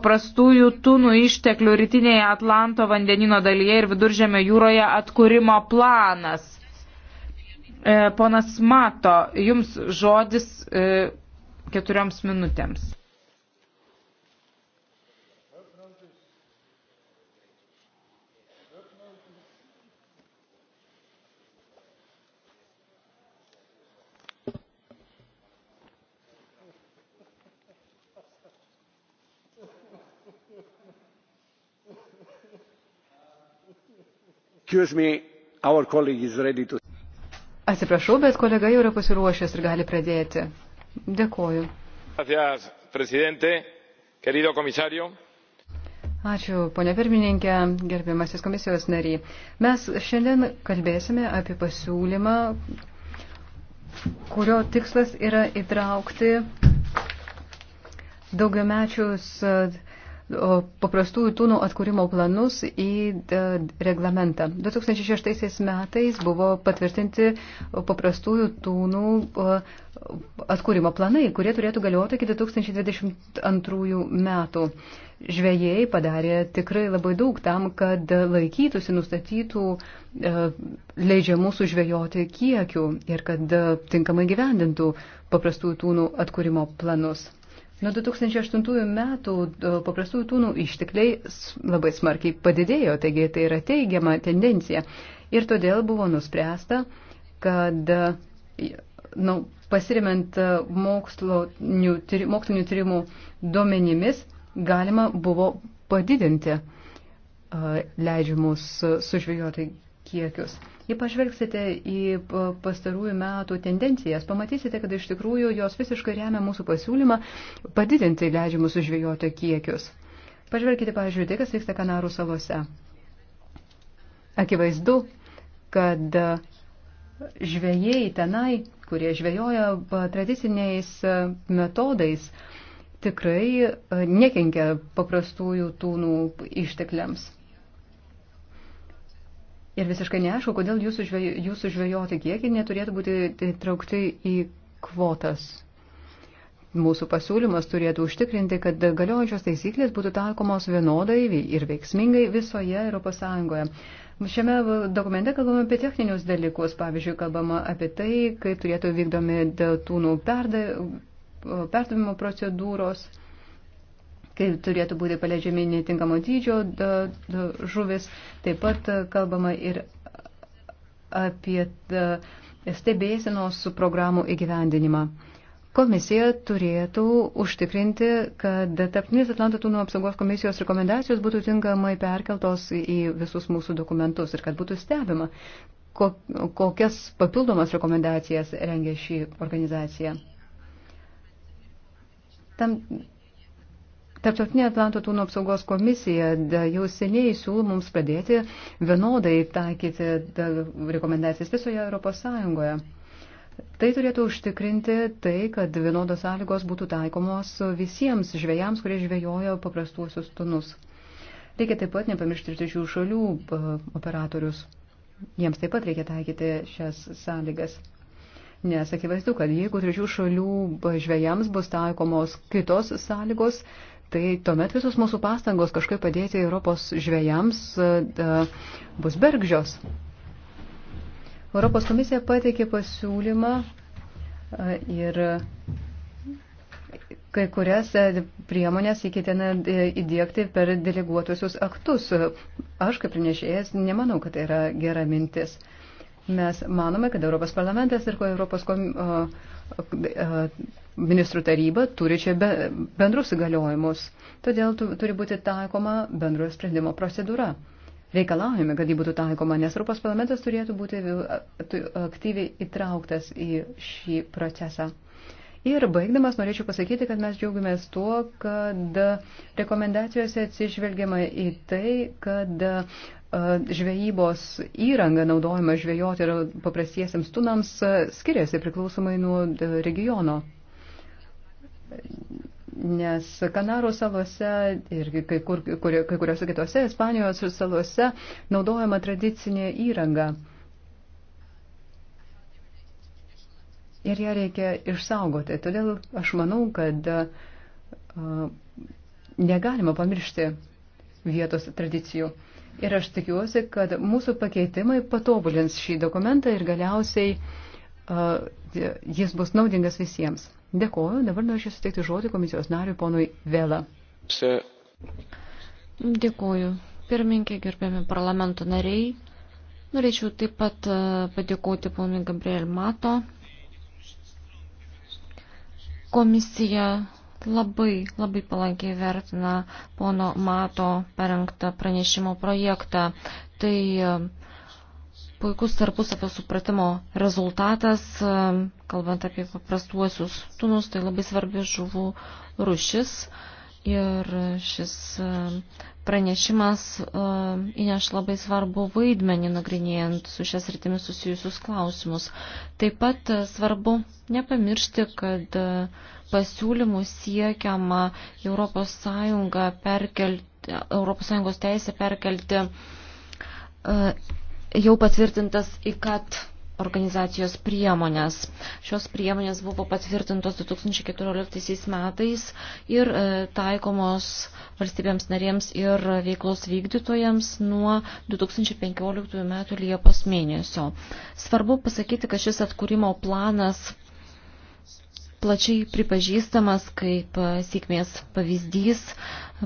paprastųjų tunų išteklių rytinėje Atlanto vandenino dalyje ir viduržėmio jūroje atkūrimo planas. E, ponas Mato, jums žodis e, keturioms minutėms. Atsiprašau, bet kolega jau yra pasiruošęs ir gali pradėti. Dėkoju. Ačiū, ponia pirmininkė, gerbiamasis komisijos nariai. Mes šiandien kalbėsime apie pasiūlymą, kurio tikslas yra įtraukti daugiamečius paprastųjų tūnų atkūrimo planus į reglamentą. 2006 metais buvo patvirtinti paprastųjų tūnų atkūrimo planai, kurie turėtų galioti iki 2022 metų. Žvėjai padarė tikrai labai daug tam, kad laikytųsi nustatytų e, leidžiamų sužvėjoti kiekių ir kad e, tinkamai gyvendintų paprastųjų tūnų atkūrimo planus. Nuo 2008 metų e, paprastųjų tūnų ištekliai labai smarkiai padidėjo, taigi tai yra teigiama tendencija. Ir todėl buvo nuspręsta, kad e, nu, pasirimant e, mokslinių, mokslinių tyrimų duomenimis galima buvo padidinti leidžiamus sužvėjoti kiekius. Jei pažvelgsite į pastarųjų metų tendencijas, pamatysite, kad iš tikrųjų jos visiškai remia mūsų pasiūlymą padidinti leidžiamus žvėjoti kiekius. Pažvelkite, pavyzdžiui, tai, kas vyksta Kanarų salose. Akivaizdu, kad žvėjai tenai, kurie žvėjoja tradiciniais e, metodais, tikrai e, nekenkia paprastųjų tūnų ištekliams. Ir visiškai neaišku, kodėl jūsų, žvejo, jūsų žvejoti kiekiai neturėtų būti traukti į kvotas. Mūsų pasiūlymas turėtų užtikrinti, kad galiojančios taisyklės būtų taikomos vienodai ir veiksmingai visoje ES. Šiame dokumente kalbame apie techninius dalykus, pavyzdžiui, kalbama apie tai, kaip turėtų vykdomi tūnų perdavimo procedūros kai turėtų būti paleidžiami netinkamo dydžio žuvis. Taip pat e, kalbama ir apie e, stebėsinos programų įgyvendinimą. Komisija turėtų užtikrinti, kad tarptinės Atlanto tūno apsaugos komisijos rekomendacijos būtų tinkamai perkeltos į visus mūsų dokumentus ir kad būtų stebima, kokias papildomas rekomendacijas rengia šį organizaciją. Tam Tarptautinė Atlanto tūno apsaugos komisija jau seniai siūlo mums pradėti vienodai taikyti rekomendacijas visoje Europos Sąjungoje. Tai turėtų užtikrinti tai, kad vienodos sąlygos būtų taikomos visiems žvėjams, kurie žvėjojo paprastuosius tunus. Reikia taip pat nepamiršti ir trečių šalių operatorius. Jiems taip pat reikia taikyti šias sąlygas. Nes akivaizdu, kad jeigu trečių šalių žvėjams bus taikomos kitos sąlygos, tai tuomet visos mūsų pastangos kažkaip padėti Europos žvėjams e, e, bus bergžios. Europos komisija pateikė pasiūlymą e, ir kai kurias priemonės įkitina įdėkti per deleguotusius aktus. Aš kaip pranešėjas nemanau, kad tai yra gera mintis. Mes manome, kad Europos parlamentas ir Europos kom ministrų taryba turi čia be, bendrus įgaliojimus, todėl tu, turi būti taikoma bendrojo sprendimo procedūra. Reikalaujame, kad jį būtų taikoma, nes Europos parlamentas turėtų būti aktyviai įtrauktas į šį procesą. Ir baigdamas norėčiau pasakyti, kad mes džiaugiamės tuo, kad rekomendacijose atsižvelgiama į tai, kad žvejybos įranga naudojama žvejoti ir paprastiesiams tunams skiriasi priklausomai nuo regiono. Nes Kanarų salose ir kai, kur, kur, kai kuriuose kitose Ispanijos salose naudojama tradicinė įranga. Ir ją reikia išsaugoti. Todėl aš manau, kad uh, negalima pamiršti vietos tradicijų. Ir aš tikiuosi, kad mūsų pakeitimai patobulins šį dokumentą ir galiausiai uh, jis bus naudingas visiems. Dėkoju. Dabar norėčiau suteikti žodį komisijos nariui ponui Vela. Dėkoju. Pirminkė, gerbiami parlamento nariai. Norėčiau taip pat e, padėkoti ponui Gabriel Mato. Komisija labai, labai palankiai vertina pono Mato parengtą pranešimo projektą. Tai e, puikus tarpusapio supratimo rezultatas, kalbant apie paprastuosius tunus, tai labai svarbi žuvų rušis. Ir šis pranešimas įneš labai svarbu vaidmenį nagrinėjant su šias rytimis susijusius klausimus. Taip pat e, svarbu nepamiršti, kad e, pasiūlymų siekiama Europos, perkelti, Europos Sąjungos teisę perkelti e, jau patvirtintas ICAT organizacijos priemonės. Šios priemonės buvo patvirtintos 2014 metais ir e, taikomos valstybėms narėms ir veiklos vykdytojams nuo 2015 metų Liepos mėnesio. Svarbu pasakyti, kad šis atkūrimo planas plačiai pripažįstamas kaip e, sėkmės pavyzdys,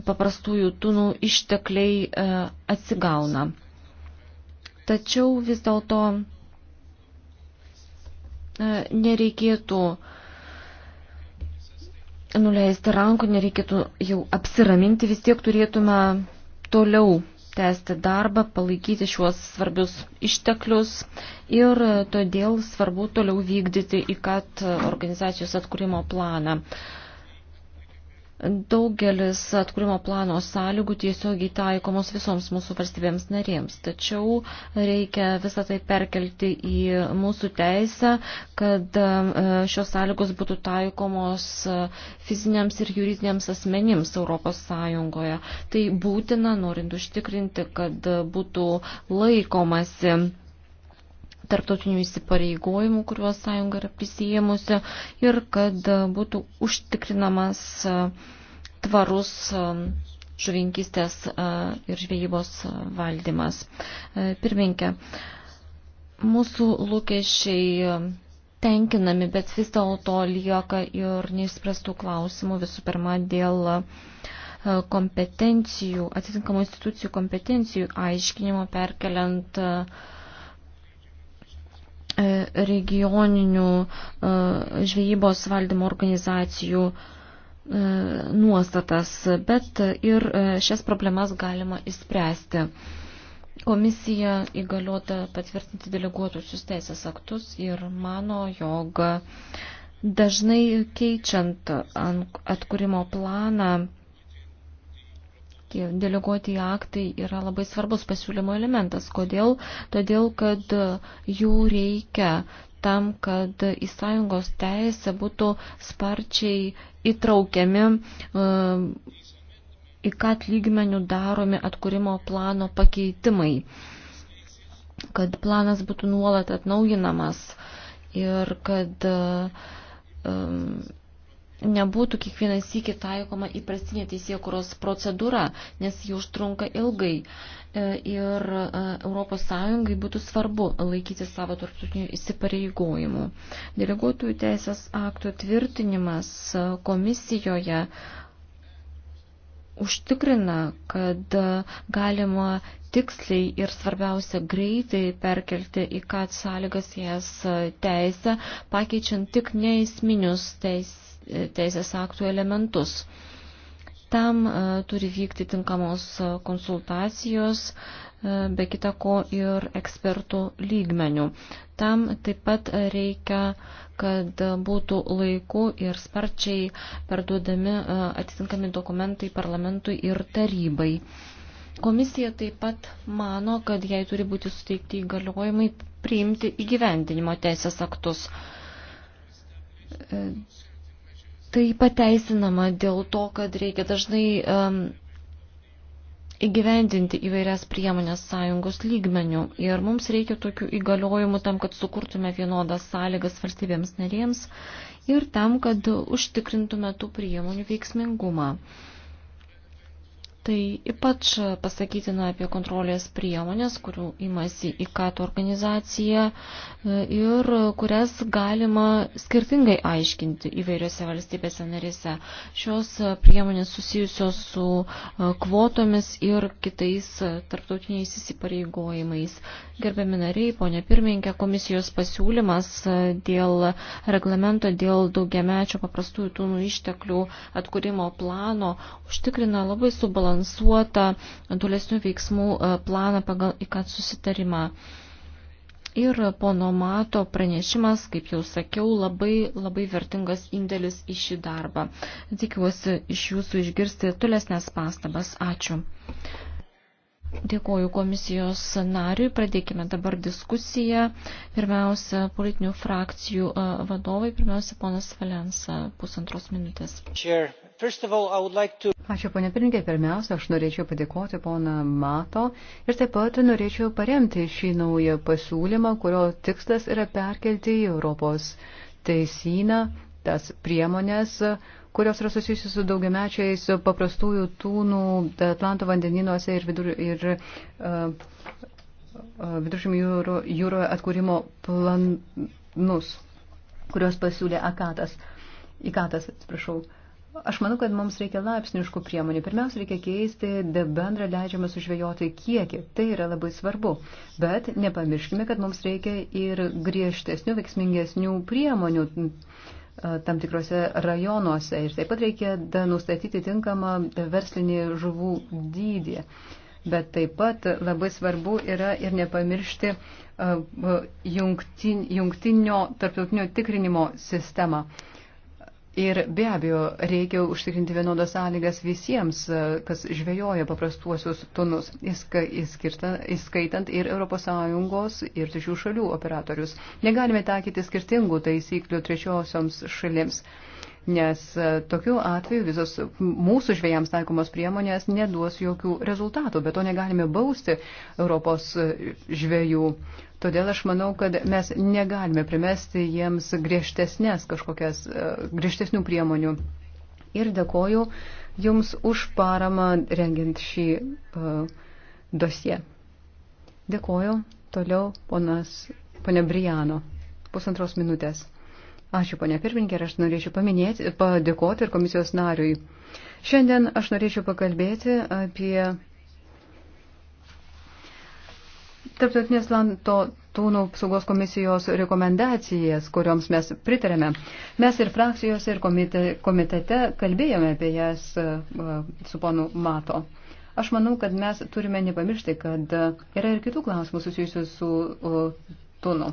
paprastųjų tunų ištekliai e, atsigauna. Tačiau vis dėlto e, nereikėtų nuleisti rankų, nereikėtų jau apsiraminti, vis tiek turėtume toliau tęsti darbą, palaikyti šiuos svarbius išteklius ir todėl svarbu toliau vykdyti į kat organizacijos atkūrimo planą. Daugelis atkūrimo plano sąlygų tiesiogiai taikomos visoms mūsų valstybėms narėms, tačiau reikia visą tai perkelti į mūsų teisę, kad e, šios sąlygos būtų taikomos e, fiziniams ir juridiniams asmenims Europos Sąjungoje. Tai būtina, norint užtikrinti, kad būtų laikomasi tarptautinių įsipareigojimų, kuriuos sąjunga yra prisijėmusi ir kad e, būtų užtikrinamas e, tvarus e, žuvinkistės ir žvejybos valdymas. Pirminkė, mūsų lūkesčiai tenkinami, bet vis dėlto lieka ir neįspręstų klausimų visų pirma dėl kompetencijų, atitinkamų institucijų kompetencijų aiškinimo perkeliant uh, E, regioninių e, žvejybos valdymo organizacijų e, nuostatas, bet ir šias problemas galima įspręsti. Komisija įgaliota patvirtinti deleguotusius teisės aktus ir mano, jog dažnai keičiant atkūrimo planą Tie deleguoti aktai yra labai svarbus pasiūlymo elementas. Kodėl? Todėl, kad jų reikia tam, kad į sąjungos teisę būtų sparčiai įtraukiami e, į ką atlygmenių daromi atkūrimo plano pakeitimai, kad planas būtų nuolat atnaujinamas ir kad um, nebūtų kiekvieną sykį taikoma įprastinė teisėkuros procedūra, nes ji užtrunka ilgai. E, ir ES būtų svarbu laikyti savo tarptautinių įsipareigojimų. Deleguotųjų teisės aktų tvirtinimas e, komisijoje užtikrina, kad e, galima tiksliai ir svarbiausia greitai perkelti į ką sąlygas jas teisę, pakeičiant tik neįsminius teisės teisės aktų elementus. Tam e, turi vykti tinkamos e, konsultacijos, e, be kita ko ir ekspertų lygmenių. Tam taip pat reikia, kad būtų laiku ir sparčiai perduodami atitinkami dokumentai parlamentui ir tarybai. Komisija taip pat mano, kad jai turi būti suteikti įgaliojimai priimti įgyvendinimo teisės aktus Tai pateisinama dėl to, kad reikia dažnai um, įgyvendinti įvairias priemonės sąjungos lygmenių ir mums reikia tokių įgaliojimų tam, kad sukurtume vienodas sąlygas valstybėms narėms ir tam, kad užtikrintume tų priemonių veiksmingumą. Uh, Tai ypač pasakytina apie kontrolės priemonės, kurių imasi IKAT organizacija e, ir kurias galima skirtingai aiškinti įvairiose valstybėse narėse. Šios priemonės susijusios su e, kvotomis ir kitais e, tarptautiniais įsipareigojimais. Gerbiami nariai, ponė pirmininkė, komisijos pasiūlymas dėl reglamento dėl daugiamečio paprastųjų tūnų išteklių atkūrimo plano užtikrina labai subalansuotą subalansuotą tolesnių veiksmų e, planą pagal IKAT susitarimą. Ir pono Mato pranešimas, kaip jau sakiau, labai, labai vertingas indėlis į šį darbą. Tikiuosi iš jūsų išgirsti tolesnės pastabas. Ačiū. Dėkoju komisijos nariui. Pradėkime dabar diskusiją. Pirmiausia, politinių frakcijų e, vadovai. Pirmiausia, ponas Valensa, pusantros minutės. Chair, Like to... Ačiū, ponė Pirinkė. Pirmiausia, aš norėčiau padėkoti poną Mato ir taip pat norėčiau paremti šį naują pasiūlymą, kurio tikslas yra perkelti į Europos teisyną tas priemonės, kurios yra susijusios su daugiamečiais paprastųjų tūnų e, Atlanto vandeninuose ir, vidur, ir uh, e, e, viduržymį jūro, jūroje atkūrimo planus, kurios pasiūlė Akatas. Ikatas, atsiprašau. Uh, Aš manau, kad mums reikia laipsniškų priemonių. Pirmiausia, reikia keisti bendrą leidžiamą sužvejoti kiekį. Tai yra labai svarbu. Bet nepamirškime, kad mums reikia ir griežtesnių, veiksmingesnių priemonių tam tikrose rajonuose. Ir taip pat reikia nustatyti tinkamą verslinį žuvų dydį. Bet taip pat labai svarbu yra ir nepamiršti jungtinio tarptautinio tikrinimo sistemą. Ir be abejo, reikia užtikrinti vienodas sąlygas visiems, e, kas žvejoja paprastuosius tunus, įskaitant ir ES ir trečių šalių operatorius. Negalime taikyti skirtingų taisyklių trečiosioms šalims nes e, tokiu atveju visos mūsų žvėjams taikomos priemonės neduos jokių rezultatų, bet to negalime bausti Europos e, žvėjų. Todėl aš manau, kad mes negalime primesti jiems griežtesnės kažkokias, e, griežtesnių priemonių. Ir dėkoju Jums už paramą rengiant šį uh, dosiją. Dėkoju. Toliau ponas, ponia Briano. Pusantros minutės. Ačiū, ponia pirmininkė, ir aš norėčiau paminėti, padėkoti ir komisijos nariui. Šiandien aš norėčiau pakalbėti apie Tarptautinės Lanto Tūnų apsaugos komisijos rekomendacijas, kurioms mes pritarėme. Mes ir frakcijose, ir komite, komitete kalbėjome apie jas e, su ponu Mato. Aš manau, kad mes turime nepamiršti, kad yra ir kitų klausimų susijusių su tunų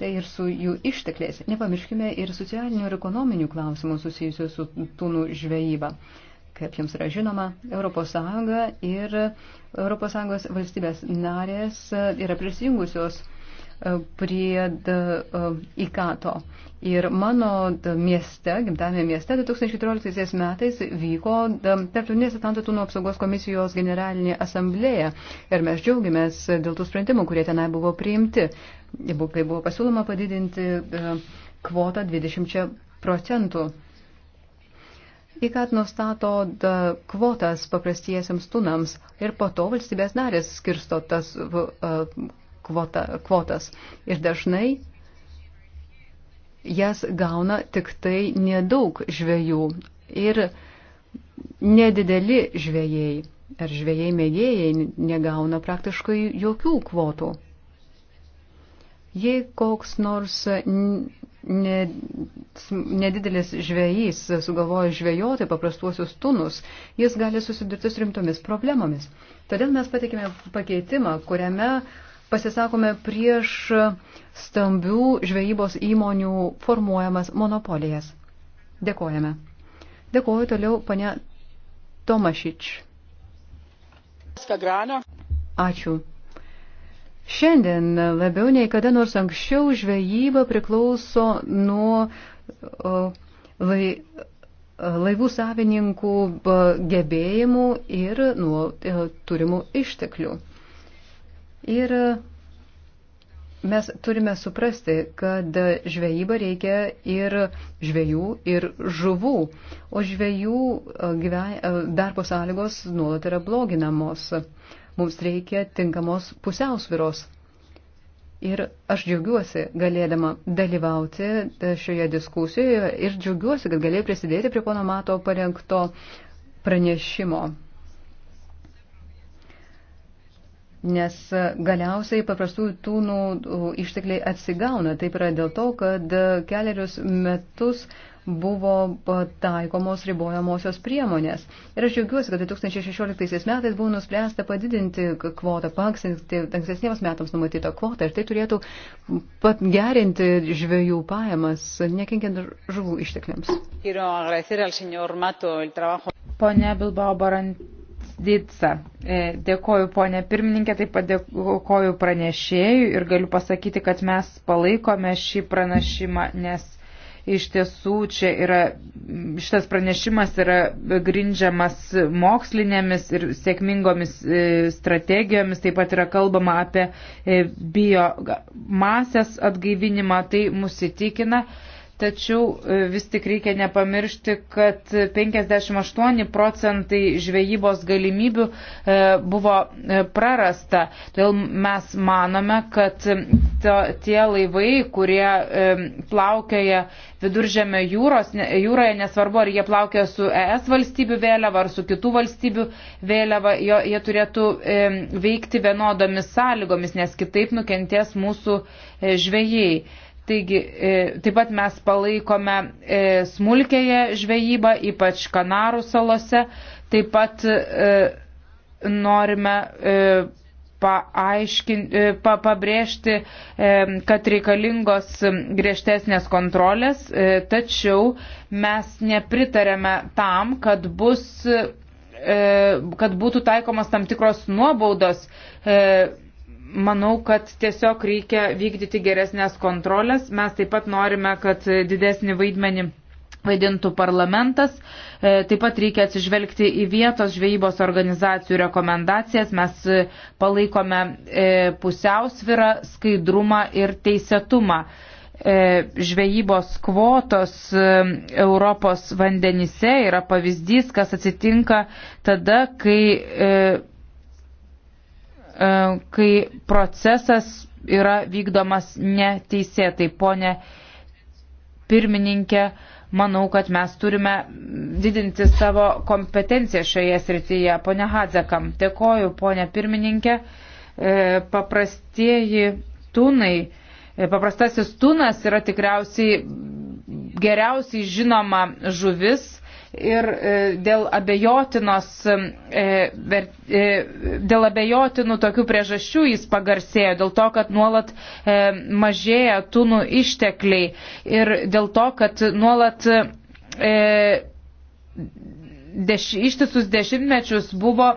tai ir su jų ištekliais. Nepamirškime ir socialinių ir ekonominių klausimų susijusių su tunų žvejyba. Kaip jums yra žinoma, ES ir ES valstybės narės yra prisijungusios prie e, Ikato. Ir mano mieste, gimtame mieste, 2014 metais vyko Tarptautinės Atlanto nuo apsaugos komisijos generalinė asamblėja. Ir mes džiaugiamės dėl tų sprendimų, kurie tenai buvo priimti, kai buvo pasiūloma padidinti e, kvotą 20 procentų. IKAT nustato kvotas paprastiesiams tunams ir po to valstybės narės skirsto tas e, kvota, kvotas. Ir dažnai jas gauna tik tai nedaug žvėjų ir nedideli žvėjai ar žvėjai mėgėjai negauna praktiškai jokių kvotų. Jei koks nors ne, nedidelis žvėjys sugalvoja žvėjoti paprastuosius tunus, jis gali susidurti su rimtomis problemomis. Todėl mes patikime pakeitimą, kuriame uh, pasisakome prieš stambių žvejybos įmonių formuojamas monopolijas. Dėkojame. Dėkoju toliau, pane Tomašič. Ačiū. Šiandien labiau nei kada nors anksčiau žvejyba priklauso nuo lai, laivų savininkų gebėjimų ir nuo e, turimų išteklių. Ir mes turime suprasti, kad žvejybą reikia ir žvejų, ir žuvų, o žvejų e, gyve, e, darbo sąlygos nuolat yra bloginamos. Mums reikia tinkamos pusiausviros. Ir aš džiaugiuosi galėdama dalyvauti e, šioje diskusijoje ir džiaugiuosi, kad galėjau prisidėti prie pono Mato parengto pranešimo. nes galiausiai paprastųjų tūnų ištekliai atsigauna. Taip yra dėl to, kad keliarius metus buvo taikomos ribojamosios priemonės. Ir aš džiaugiuosi, kad 2016 metais buvo nuspręsta padidinti kvotą, panksinti ankstesniems metams numatytą kvotą ir tai turėtų pat gerinti žvėjų pajamas, nekenkiant žuvų ištekliams. Pone Bilbao Barant Dica. E, dėkoju ponė pirmininkė, taip pat dėkoju pranešėjui ir galiu pasakyti, kad mes palaikome šį pranešimą, nes iš tiesų čia yra, šitas pranešimas yra grindžiamas mokslinėmis ir sėkmingomis e, strategijomis, taip pat yra kalbama apie e, biomasės atgaivinimą, tai mus įtikina. Tačiau e, vis tik reikia nepamiršti, kad 58 procentai žvejybos galimybių e, buvo e, prarasta. Todėl mes manome, kad to, tie laivai, kurie plaukioja viduržėme jūros, jūroje, nesvarbu, ar jie plaukioja su ES valstybių vėliava ar su kitų valstybių vėliava, jo, jie turėtų veikti vienodomis sąlygomis, nes kitaip nukentės mūsų žvėjai. Taigi, e, taip pat mes palaikome e, smulkėje žvejybą, ypač Kanarų salose. Taip pat e, norime paaiškin, pa, pabrėžti, kad reikalingos griežtesnės kontrolės, tačiau mes nepritarėme tam, kad bus kad būtų taikomas tam tikros nuobaudos Manau, kad tiesiog reikia vykdyti geresnės kontrolės. Mes taip pat norime, kad didesnį vaidmenį vaidintų parlamentas. E, taip pat reikia atsižvelgti į vietos žvejybos organizacijų rekomendacijas. Mes e, palaikome e, pusiausvirą, skaidrumą ir teisėtumą. Žvejybos kvotos Europos vandenyse yra pavyzdys, kas atsitinka tada, kai E, kai procesas yra vykdomas neteisėtai. Pone pirmininkė, manau, kad mes turime didinti savo kompetenciją šioje srityje. Pone Hadzekam, dėkoju, ponė pirmininkė. E, paprastieji tunai, e, paprastasis tunas yra tikriausiai geriausiai žinoma žuvis ir e, dėl abejotinos, e, e, dėl abejotinų tokių priežasčių jis pagarsėjo, dėl to, kad nuolat mažėja tunų ištekliai ir dėl to, kad nuolat deš, ištisus dešimtmečius buvo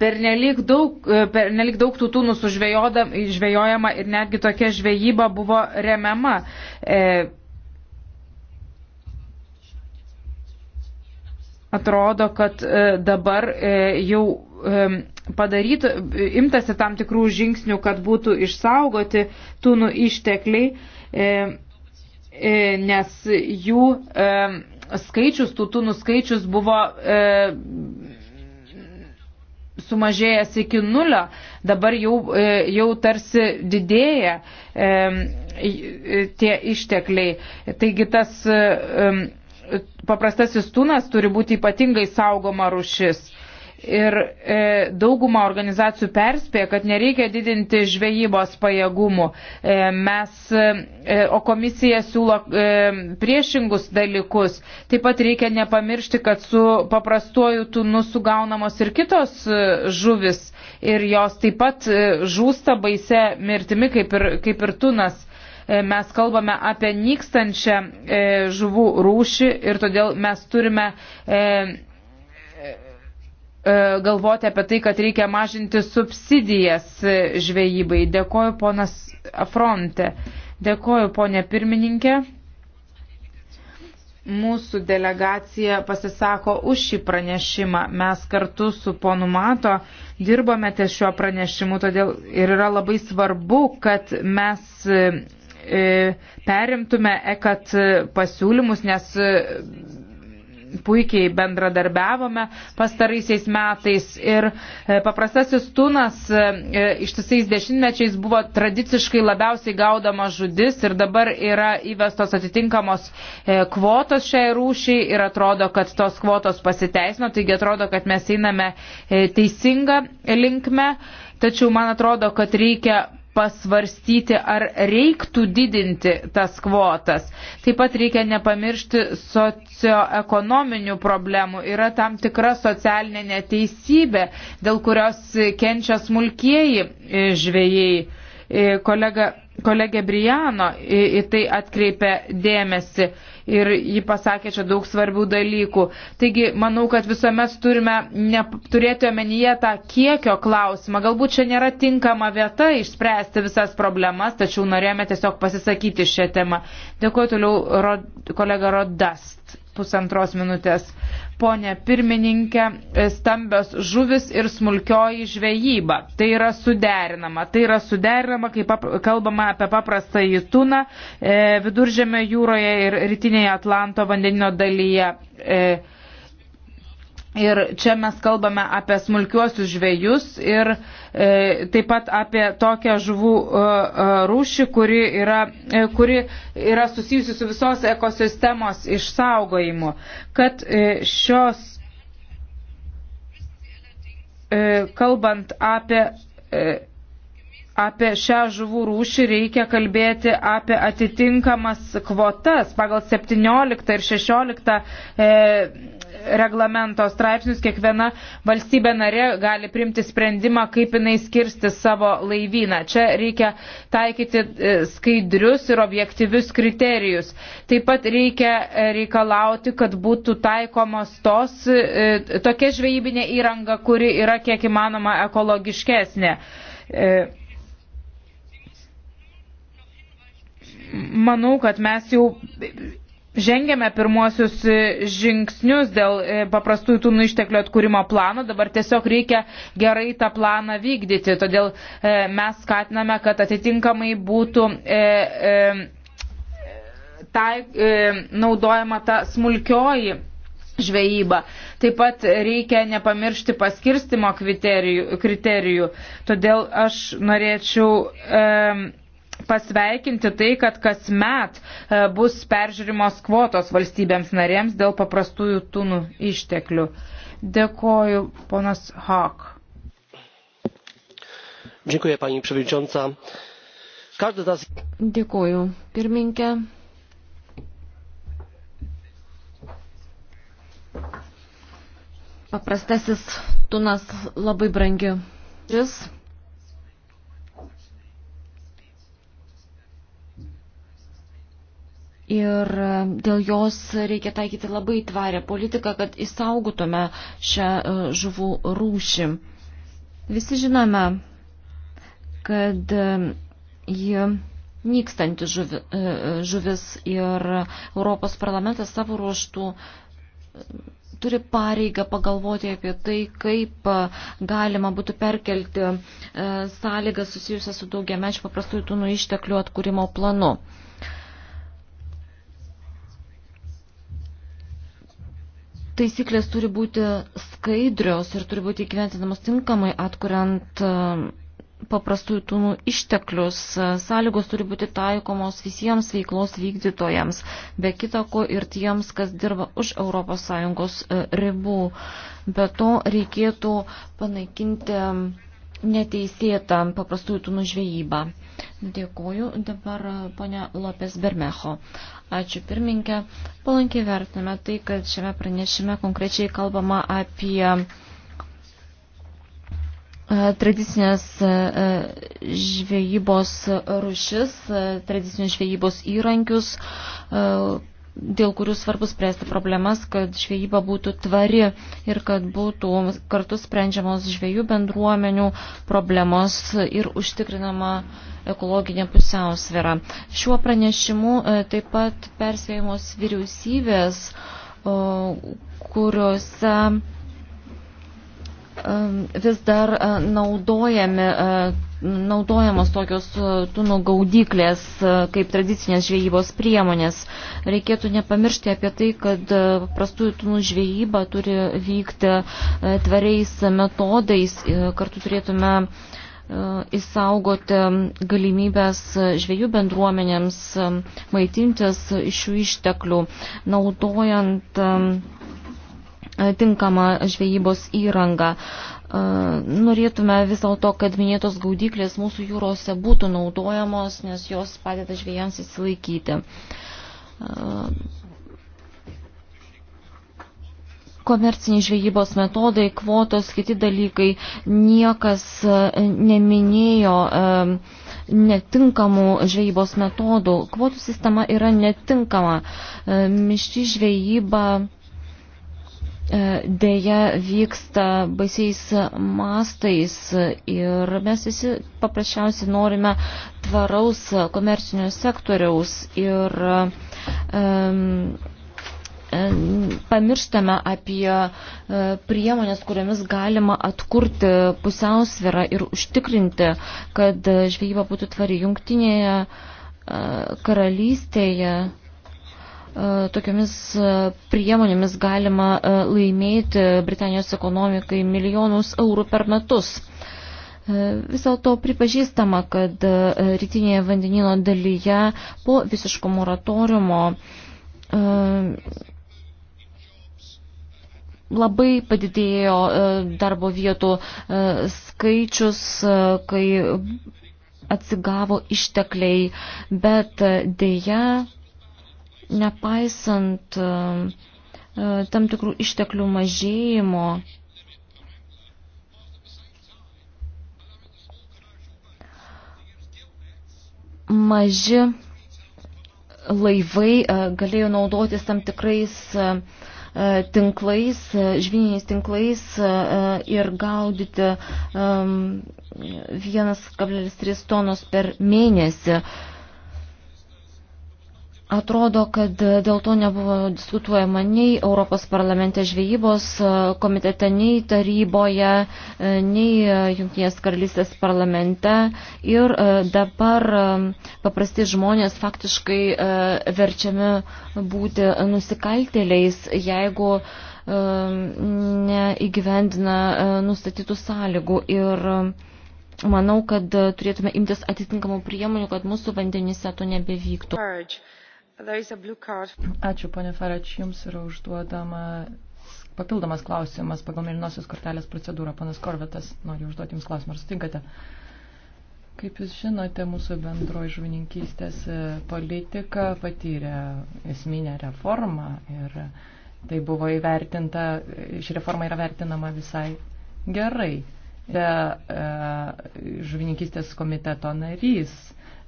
pernelyg daug, pernelyg daug tų tunų sužvejojama ir netgi tokia žvejyba buvo remiama. E, atrodo, kad e, dabar e, jau e, padarytų, imtasi tam tikrų žingsnių, kad būtų išsaugoti tūnų ištekliai, nes jų skaičius, tų tūnų skaičius buvo sumažėjęs iki nulio, dabar jau, jau tarsi didėja tie ištekliai. Taigi tas paprastasis tunas turi būti ypatingai saugoma rušis. Ir e, dauguma organizacijų perspėja, kad nereikia didinti žvejybos pajėgumų. E, mes, e, e, o komisija siūlo e, priešingus dalykus. Taip pat reikia nepamiršti, kad su paprastuoju tunu sugaunamos ir kitos e, žuvis ir jos taip pat e, žūsta baise mirtimi kaip ir, kaip ir tunas. E, mes kalbame apie nykstančią e, žuvų rūšį ir todėl mes turime e, galvoti apie tai, kad reikia mažinti subsidijas žvejybai. Dėkoju ponas Afronte. Dėkoju ponė pirmininkė. Mūsų delegacija pasisako už šį pranešimą. Mes kartu su ponu Mato dirbame ties šiuo pranešimu, todėl ir yra labai svarbu, kad mes E, perimtume ECAT pasiūlymus, nes e, puikiai bendradarbiavome pastaraisiais metais ir e, paprastasis tunas ištisais dešimtmečiais buvo tradiciškai labiausiai gaudama žudis ir dabar yra įvestos atitinkamos kvotos šiai rūšiai ir atrodo, kad tos kvotos pasiteisino, taigi atrodo, kad mes einame teisingą linkmę, tačiau man atrodo, kad reikia pasvarstyti, ar reiktų didinti tas kvotas. Taip pat reikia nepamiršti socioekonominių problemų. Yra tam tikra socialinė neteisybė, dėl kurios kenčia smulkieji e, žvėjai. E, kolega, kolegė Briano e, į tai atkreipia dėmesį ir ji pasakė čia daug svarbių dalykų. Taigi, manau, kad visuomet turime ne, turėti omenyje tą kiekio klausimą. Galbūt čia nėra tinkama vieta išspręsti visas problemas, tačiau norėjome tiesiog pasisakyti šią temą. Dėkuoju toliau rod, kolega Rodas pusantros minutės. Pone pirmininkė, stambios žuvis ir smulkioji žvejyba. Tai yra suderinama. Tai yra suderinama, kai pap, kalbama apie paprastą įtūną e, viduržėme jūroje ir rytinėje Atlanto vandenino dalyje. E, Ir čia mes kalbame apie smulkiuosius žvėjus ir e, taip pat apie tokią žuvų e, e, rūšį, kuri yra, e, kuri yra susijusi su visos ekosistemos išsaugojimu. Kad e, šios, e, kalbant apie. E, apie šią žuvų rūšį reikia kalbėti apie atitinkamas kvotas pagal 17 ir 16 e, reglamento straipsnius kiekviena valstybė narė gali primti sprendimą, kaip jinai skirsti savo laivyną. Čia reikia taikyti e, skaidrius ir objektyvius kriterijus. Taip pat reikia e, reikalauti, kad būtų taikomos tos, e, tokia žvejybinė įranga, kuri yra kiek įmanoma ekologiškesnė. E, manau, kad mes jau žengėme pirmuosius e, žingsnius dėl e, paprastųjų tūnų išteklių atkūrimo plano, dabar tiesiog reikia gerai tą planą vykdyti, todėl e, mes skatiname, kad atitinkamai būtų taik, naudojama ta smulkioji žvejyba. Taip pat reikia nepamiršti paskirstimo kriterijų, kriterijų. todėl aš norėčiau pasveikinti tai, kad kasmet e, bus peržiūrimos kvotos valstybėms narėms dėl paprastųjų tunų išteklių. Dėkoju, ponas Hak. Dziękuję, pani przewodnicząca. Każdy z nas... Dėkoju, pirminkė. Paprastasis tunas labai brangi. Jis ir e, dėl jos reikia taikyti labai tvarę politiką, kad įsaugotume šią e, žuvų rūšį. Visi žinome, kad e, ji nykstanti žuvi, žuvis ir Europos parlamentas savo ruoštų turi pareigą pagalvoti apie tai, kaip galima būtų perkelti sąlygą susijusią su daugiamečių paprastųjų tūnų išteklių atkūrimo planu. taisyklės turi būti skaidrios ir turi būti įgyventinamos tinkamai, atkuriant e, paprastųjų tūnų išteklius. E, sąlygos turi būti taikomos visiems veiklos vykdytojams, be kitako ir tiems, kas dirba už ES e, ribų. Be to reikėtų panaikinti neteisėtą paprastųjų tunų žvejybą. Dėkuoju dabar e, ponia Lopės Bermecho. Ačiū pirminkė. Palankiai vertiname tai, kad šiame pranešime konkrečiai kalbama apie e, e, tradicinės žvejybos rušis, tradicinius žvejybos įrankius, dėl kurių svarbu spręsti problemas, kad žvejyba būtų tvari ir kad būtų kartu sprendžiamos žvejų bendruomenių problemos ir užtikrinama ekologinė pusiausvėra. Šiuo pranešimu e, taip pat persvėjimos vyriausybės, kuriuose vis dar e, naudojami, e, naudojamos tokios e, tunų gaudyklės kaip tradicinės žvejybos priemonės. Reikėtų nepamiršti apie tai, kad prastųjų tunų žvejyba turi vykti tvariais metodais. Kartu turėtume įsaugoti galimybės žvėjų bendruomenėms maitintis iš šių išteklių, naudojant E, tinkamą žvejybos įrangą. E, norėtume vis dėlto, kad minėtos gaudyklės mūsų jūrose būtų naudojamos, nes jos padeda žvėjams įsilaikyti. E, komerciniai žvejybos metodai, kvotos, kiti dalykai, niekas neminėjo netinkamų žvejybos metodų. Kvotų sistema yra netinkama. Mišri žvejyba E, dėja vyksta baisiais mastais ir mes visi paprasčiausiai norime tvaraus komercinio sektoriaus ir um, pamirštame apie e, priemonės, kuriamis galima atkurti pusiausvirą ir užtikrinti, kad žvejyba būtų tvari jungtinėje e, karalystėje E, Tokiamis e, priemonėmis galima e, laimėti Britanijos ekonomikai milijonus eurų per metus. Vis dėlto pripažįstama, kad rytinėje vandenino dalyje po visiško moratoriumo labai padidėjo darbo vietų skaičius, kai atsigavo ištekliai, bet dėja Nepaisant e, tam tikrų išteklių mažėjimo, maži laivai e, galėjo naudotis tam tikrais e, tinklais, žvininiais tinklais ir gaudyti 1,3 tonos per mėnesį. Atrodo, kad dėl to nebuvo diskutuojama nei Europos parlamente žvejybos e, komitete, nei taryboje, e, nei e, Junktinės karalystės parlamente. Ir dabar paprasti žmonės faktiškai verčiami būti nusikaltėliais, jeigu neįgyvendina nustatytų sąlygų. Ir manau, kad turėtume imtis atitinkamų priemonių, kad mūsų vandenyse to nebevyktų. Purge. Ačiū, ponė Farač, jums yra užduodama papildomas klausimas pagal mėlynosios kortelės procedūrą. Panas Korvetas, noriu užduoti jums klausimą, ar sutinkate? Kaip Jūs žinote, mūsų bendroji žuvininkystės e, politika patyrė esminę reformą ir tai buvo įvertinta, e, ši reforma yra vertinama visai gerai. E, žuvininkistės komiteto narys.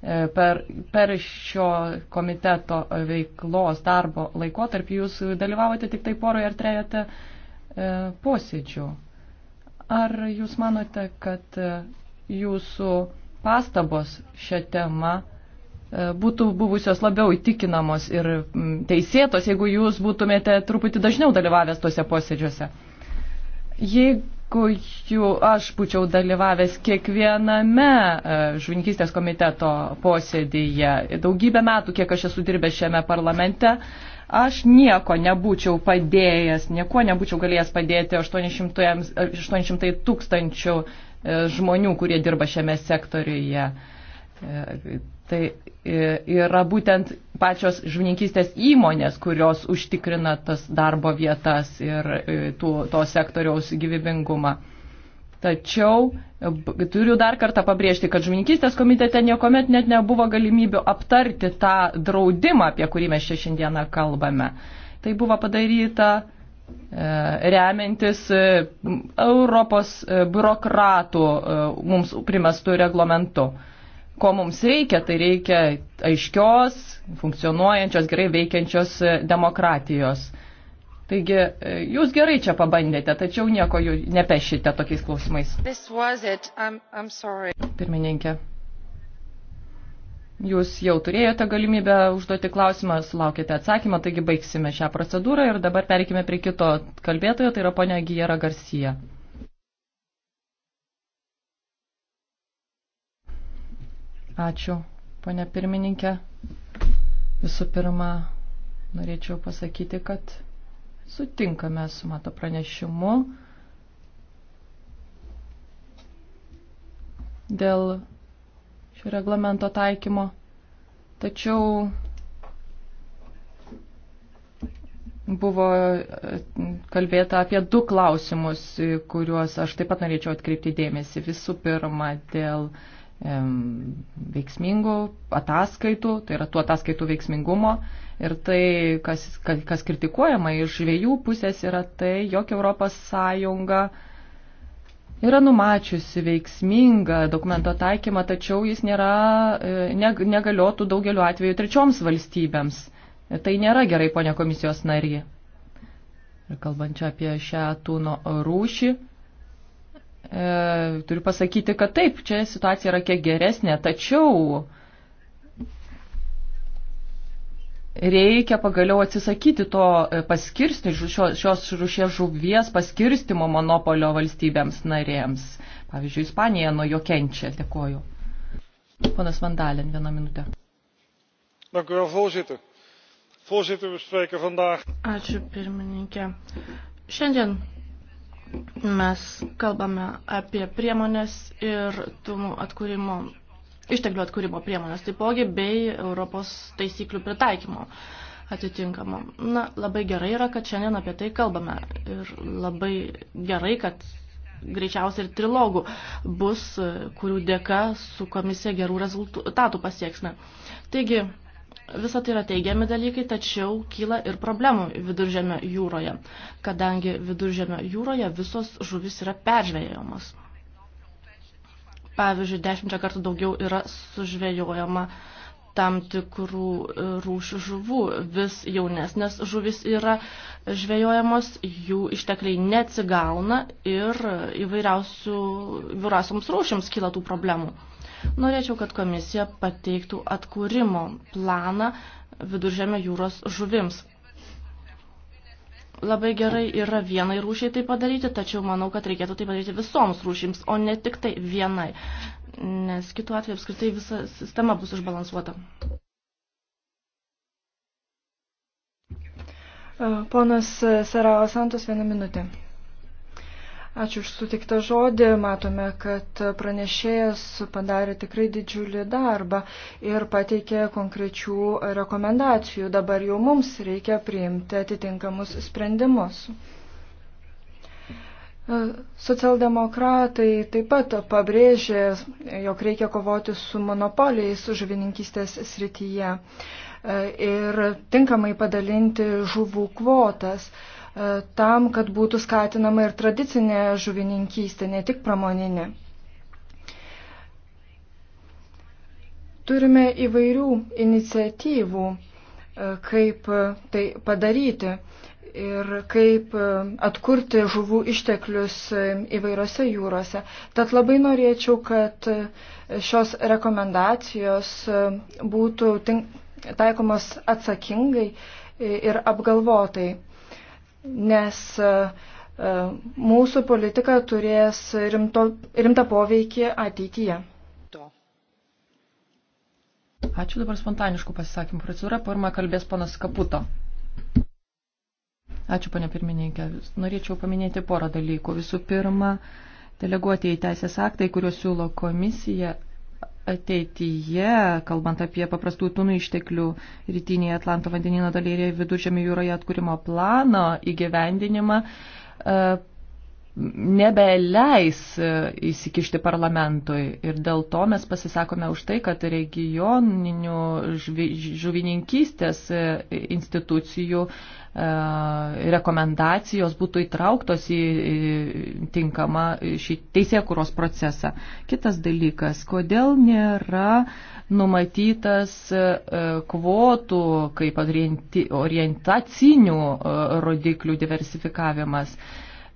E, per, per šio komiteto veiklos darbo laikotarpį jūs dalyvavote tik tai poroje ar trejate e, posėdžių. Ar jūs manote, kad jūsų pastabos šią temą būtų buvusios labiau įtikinamos ir teisėtos, jeigu jūs būtumėte truputį dažniau dalyvavęs tuose posėdžiuose? Jei tikrųjų aš būčiau dalyvavęs kiekviename e, žuvininkystės komiteto posėdėje. Daugybę metų, kiek aš esu dirbęs šiame parlamente, aš nieko nebūčiau padėjęs, nieko nebūčiau galėjęs padėti 800, 800 tūkstančių e, žmonių, kurie dirba šiame sektoriuje e, Tai e, yra būtent pačios žuvininkystės įmonės, kurios užtikrina tas darbo vietas ir e, tų, to sektoriaus gyvybingumą. Tačiau e, turiu dar kartą pabrėžti, kad žuvininkystės komitete niekuomet net nebuvo galimybių aptarti tą draudimą, apie kurį mes čia šiandieną kalbame. Tai buvo padaryta remiantis Europos biurokratų mums primestų reglamentu ko mums reikia, tai reikia aiškios, funkcionuojančios, gerai veikiančios e, demokratijos. Taigi, e, jūs gerai čia pabandėte, tačiau nieko jų nepešite tokiais klausimais. I'm, I'm Pirmininkė, jūs jau turėjote galimybę užduoti klausimą, sulaukėte atsakymą, taigi baigsime šią procedūrą ir dabar perikime prie kito kalbėtojo, tai yra ponia Gijera Garcija. Ačiū, ponė pirmininkė. Visų pirma, norėčiau pasakyti, kad sutinkame su mato pranešimu dėl šio reglamento taikymo. Tačiau buvo e, kalbėta apie du klausimus, kuriuos aš taip pat norėčiau atkreipti dėmesį. Visų pirma, dėl uh, veiksmingų ataskaitų, tai yra tų ataskaitų veiksmingumo. Ir tai, kas, kas, kas kritikuojama iš žviejų pusės, yra tai, jog Europos Sąjunga yra numačiusi veiksmingą dokumento taikymą, tačiau jis nėra, e, ne, negaliotų daugeliu atveju trečioms valstybėms. Tai nėra gerai, ponia komisijos narė. Ir kalbant čia apie šią tūno rūšį, e, turiu pasakyti, kad taip, čia situacija yra kiek geresnė, tačiau reikia pagaliau atsisakyti to e, paskirsti šios, šios rušies žuvies paskirstimo monopolio valstybėms narėms. Pavyzdžiui, Ispanija nuo jo kenčia. Dėkoju. Ponas Vandalin, vieną minutę. Dank u wel, voorzitter. Voorzitter, we spreken vandaag. Ačiū, pirmininkė. Šiandien Mes kalbame apie priemonės ir tumų atkūrimo, išteklių atkūrimo priemonės taipogi, bei Europos taisyklių pritaikymo atitinkamo. Na, labai gerai yra, kad šiandien apie tai kalbame ir labai gerai, kad greičiausiai ir trilogų bus, kurių dėka su komisija gerų rezultatų pasieksime. Taigi, Visą tai yra teigiami dalykai, tačiau kyla ir problemų viduržėme jūroje, kadangi viduržėme jūroje visos žuvis yra peržvėjojamos. Pavyzdžiui, dešimčia kartų daugiau yra sužvėjojama tam tikrų e, rūšių žuvų. Vis jaunesnės žuvis yra žvejojamos, jų ištekliai neatsigauna ir įvairiausių vyrasoms rūšiams kyla tų problemų. Norėčiau, kad komisija pateiktų atkūrimo planą viduržėmio jūros žuvims. Labai gerai yra vienai rūšiai tai padaryti, tačiau manau, kad reikėtų tai padaryti visoms rūšims, o ne tik tai vienai, nes kitu atveju apskritai visa sistema bus išbalansuota. Ponas Sarao Santos, vieną minutę. Ačiū už sutiktą žodį. Matome, kad pranešėjas padarė tikrai didžiulį darbą ir pateikė konkrečių rekomendacijų. Dabar jau mums reikia priimti atitinkamus sprendimus. Socialdemokratai taip pat pabrėžė, jog reikia kovoti su monopoliais žuvininkystės srityje ir tinkamai padalinti žuvų kvotas. E, tam, kad būtų skatinama ir tradicinė žuvininkystė, ne tik pramoninė. Turime įvairių iniciatyvų, e, kaip tai padaryti ir kaip e, atkurti žuvų išteklius įvairiose jūrose. Tad labai norėčiau, kad šios rekomendacijos būtų taikomos atsakingai ir apgalvotai nes e, e, mūsų politika turės rimto, rimtą poveikį ateityje. Ačiū dabar spontaniškų pasisakymų procedūra. Pirmą kalbės ponas Kaputo. Ačiū, ponia pirmininkė. Norėčiau paminėti porą dalykų. Visų pirma, deleguoti į teisės aktai, kuriuos siūlo komisija, ateityje, kalbant apie paprastų tunų išteklių rytinėje Atlanto vandenino dalyje viduržėmio jūroje atkūrimo plano įgyvendinimą, e, nebeleis e, įsikišti parlamentui. Ir dėl to mes pasisakome už tai, kad regioninių žuvininkystės e, institucijų e, rekomendacijos būtų įtrauktos į tinkamą šį teisėkuros procesą. Kitas dalykas, kodėl nėra numatytas kvotų kaip orientacinių rodiklių diversifikavimas.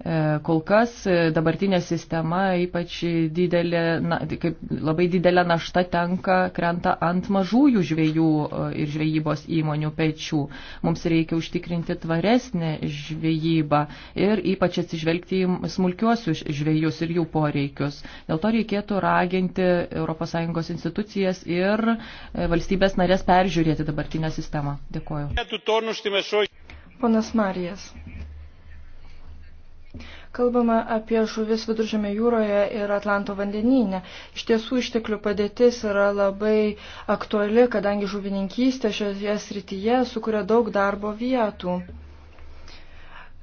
E, kol kas e, dabartinė sistema ypač didelė, na, kaip labai didelė našta tenka, krenta ant mažųjų žvėjų e, ir žvejybos įmonių pečių. Mums reikia užtikrinti tvaresnę žvejybą ir ypač atsižvelgti į smulkiuosius žvėjus ir jų poreikius. Dėl to reikėtų raginti ES institucijas ir valstybės narės peržiūrėti dabartinę sistemą. Dėkuoju. Ponas Marijas. Kalbama apie žuvis viduržėme jūroje ir Atlanto vandenyne. Iš tiesų išteklių padėtis yra labai aktuali, kadangi žuvininkystė šioje srityje sukuria daug darbo vietų.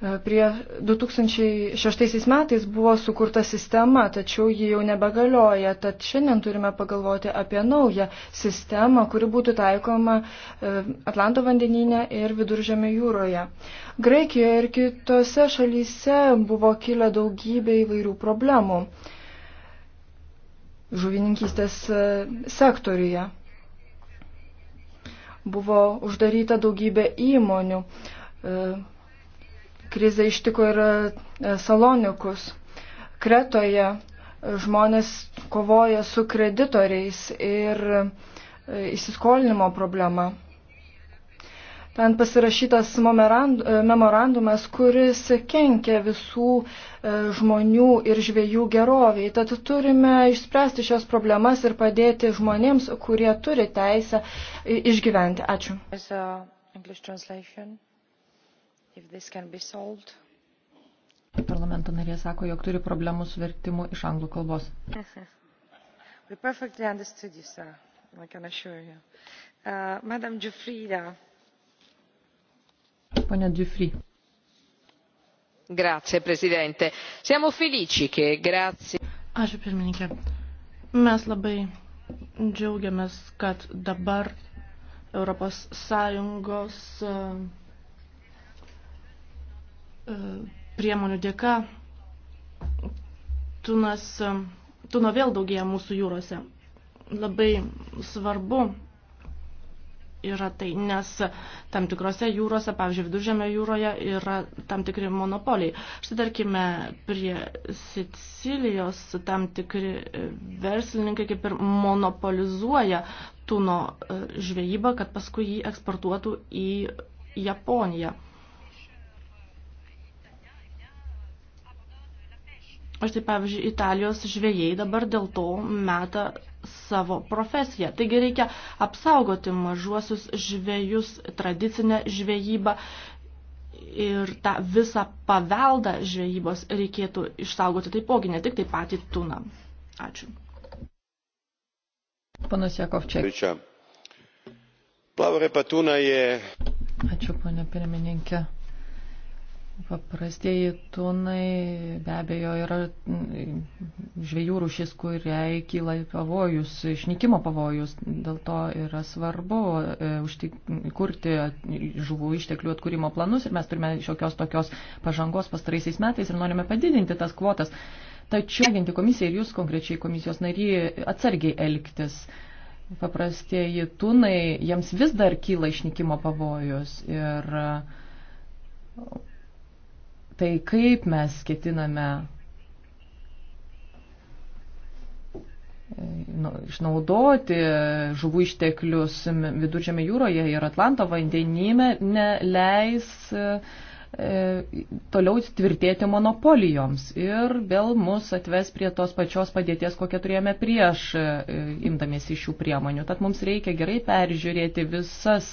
E, prie 2006 metais buvo sukurta sistema, tačiau ji jau nebegalioja, tad šiandien turime pagalvoti apie naują sistemą, kuri būtų taikoma e, Atlanto vandenyne ir Viduržėmio jūroje. Graikijoje ir kitose šalyse buvo kilę daugybė įvairių problemų žuvininkystės e, sektoriuje. Buvo uždaryta daugybė įmonių Krize ištiko ir e, salonikus. Kretoje e, žmonės kovoja su kreditoriais ir e, įsiskolinimo problema. Ten pasirašytas memorandumas, kuris kenkia visų žmonių ir žviejų geroviai. Tad turime išspręsti šios problemas ir padėti žmonėms, kurie turi teisę išgyventi. Ačiū. Uh, if this can be solved. Parlamento narė sako, jog turi problemų su vertimu iš anglų kalbos. We perfectly understood you, sir. I can assure you. Uh, Madam Giuffrida. Pone Giuffri. Grazie, Presidente. Siamo felici che grazie. Ačiū, pirmininkė. Mes labai džiaugiamės, kad dabar Europos Sąjungos uh, E, priemonių dėka tunas, e, tuno vėl daugėja mūsų jūrose. Labai svarbu yra tai, nes tam tikrose jūrose, pavyzdžiui, viduržėmio jūroje yra tam tikri monopoliai. Štai tarkime, prie Sicilijos tam tikri verslininkai kaip ir monopolizuoja tuno e, žvejybą, kad paskui jį eksportuotų į Japoniją. Ir tai pavyzdžiui, Italijos žvėjai dabar dėl to meta savo profesiją. Taigi reikia apsaugoti mažuosius žvėjus, tradicinę žvėjybą ir tą visą paveldą žvėjybos reikėtų išsaugoti taipogi, ne tik tai patį tuną. Ačiū. Panas Jakovčiak. Plavo repatūna je. Ačiū, ponia pirmininkė. Paprastieji tunai be abejo yra mm, žvėjų rūšis, kuriai kyla pavojus, išnykimo pavojus. Dėl to yra svarbu e, kurti žuvų išteklių atkūrimo planus ir mes turime šiokios tokios pažangos pastaraisiais metais ir norime padidinti tas kvotas. Tačiau aginti komisiją ir jūs konkrečiai komisijos nary atsargiai elgtis. Paprastieji tunai, jiems vis dar kyla išnykimo pavojus. Ir, tai, kaip mes ketiname e, nu, išnaudoti žuvų išteklius viduržėme jūroje ir Atlanto vandenyme, neleis ne E, toliau tvirtėti monopolijoms ir vėl mus atves prie tos pačios padėties, kokią turėjome prieš e, imdamėsi šių priemonių. Tad mums reikia gerai peržiūrėti visas,